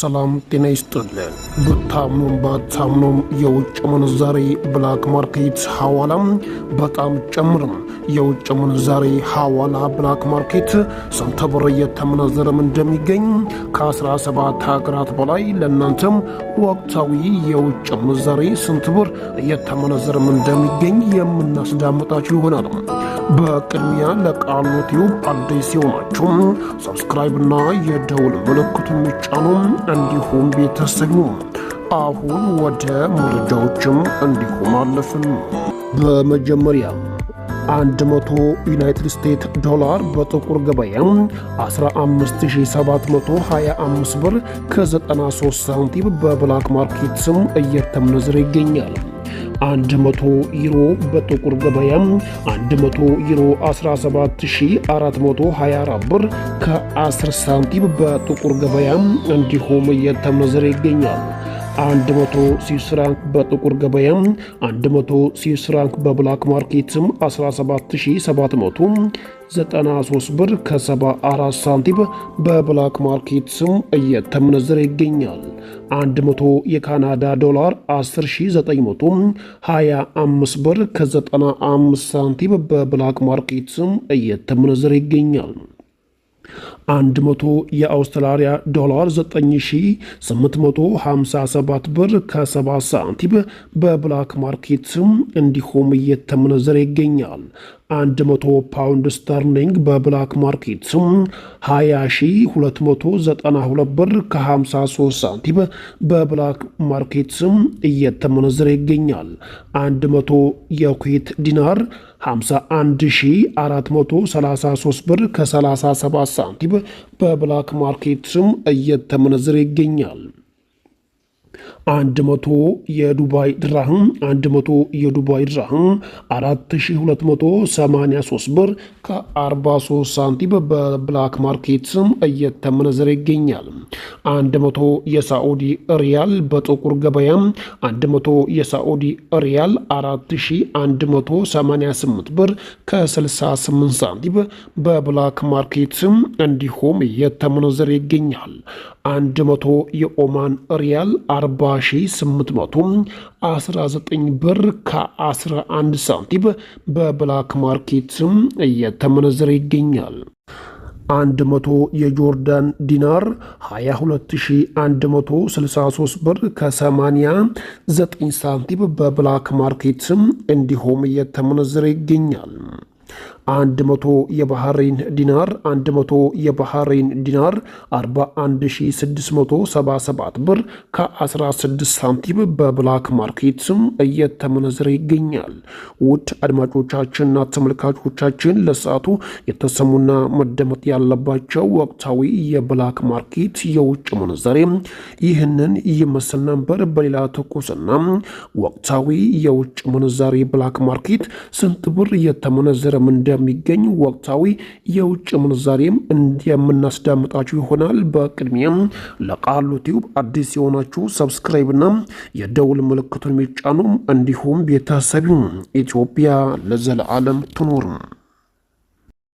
ሰላም ጤና ይስጥልን። ብታምኑም ባታምኑም የውጭ ምንዛሬ ብላክ ማርኬት ሐዋላም በጣም ጨምርም። የውጭ ምንዛሬ ሐዋላ ብላክ ማርኬት ስንት ብር እየተመነዘረም እንደሚገኝ ከ17 ሀገራት በላይ ለእናንተም ወቅታዊ የውጭ ምንዛሬ ስንት ብር እየተመነዘረም እንደሚገኝ የምናስዳምጣችሁ ይሆናል። በቅድሚያ ለቃሉ ቲዩብ አዲስ ሰብስክራይብ ሰብስክራይብና የደውል ምልክቱ የሚጫኑም እንዲሁም ቤተሰኙ። አሁን ወደ መረጃዎችም እንዲሁም አለፍን። በመጀመሪያ 100 ዩናይትድ ስቴትስ ዶላር በጥቁር ገበያ 15725 ብር ከ93 ሳንቲም በብላክ ማርኬት ስም እየተመነዘረ ይገኛል። 100 ዩሮ በጥቁር ገበያም 100 ዩሮ 17424 ብር ከ10 ሳንቲም በጥቁር ገበያም እንዲሁም እየተመዘረ ይገኛል። 100 ስዊስ ፍራንክ በጥቁር ገበያም 100 ስዊስ ፍራንክ በብላክ ማርኬትም 17793 ብር ከ74 ሳንቲም በብላክ ማርኬትም እየተመነዘረ ይገኛል። 100 የካናዳ ዶላር 10925 ብር ከ95 ሳንቲም በብላክ ማርኬትም እየተመነዘረ ይገኛል። 100 የአውስትራሊያ ዶላር 9857 ብር ከ70 ሳንቲም በብላክ ማርኬትም እንዲሁም እየተመነዘረ ይገኛል። 100 ፓውንድ ስተርሊንግ በብላክ ማርኬት 20292 ብር ከ53 ሳንቲም በብላክ ማርኬት ስም እየተመነዘረ ይገኛል። 100 የኩዌት ዲናር 51433 ብር ከ37 ሳንቲም በብላክ ማርኬት ስም እየተመነዘረ ይገኛል። አንድ መቶ የዱባይ ድራህም መቶ የዱባይ ድራህም 4283 ብር ከአርባ 43 ሳንቲም በብላክ ማርኬት ስም እየተመነዘረ ይገኛል። 100 የሳዑዲ ሪያል በጥቁር ገበያ 100 የሳዑዲ ሪያል 4188 ብር ከ68 ሳንቲም በብላክ ማርኬት እንዲሁም የተመነዘረ ይገኛል። 100 የኦማን ሪያል 40819 ብር ከ11 ሳንቲም በብላክ ማርኬት እየተመነዘረ ይገኛል። 100 የጆርዳን ዲናር 22163 ብር ከ89 ሳንቲም በብላክ ማርኬትም እንዲሁም እየተመነዘረ ይገኛል። አንድ መቶ የባህሬን ዲናር አንድ መቶ የባህሬን ዲናር 41677 ብር ከ16 ሳንቲም በብላክ ማርኬት ስም እየተመነዘረ ይገኛል። ውድ አድማጮቻችንና ተመልካቾቻችን ለሰዓቱ የተሰሙና መደመጥ ያለባቸው ወቅታዊ የብላክ ማርኬት የውጭ ምንዛሬ ይህንን ይመስል ነበር። በሌላ ትኩስና ወቅታዊ የውጭ ምንዛሬ ብላክ ማርኬት ስንት ብር እየተመነዘረ እየተወሰደም እንደሚገኝ ወቅታዊ የውጭ ምንዛሬም እንደምናስዳምጣችሁ ይሆናል። በቅድሚያም ለቃሉ ቲዩብ አዲስ የሆናችሁ ሰብስክራይብና የደውል ምልክቱን የሚጫኑም እንዲሁም ቤተሰቢ ኢትዮጵያ ለዘለዓለም ትኖር።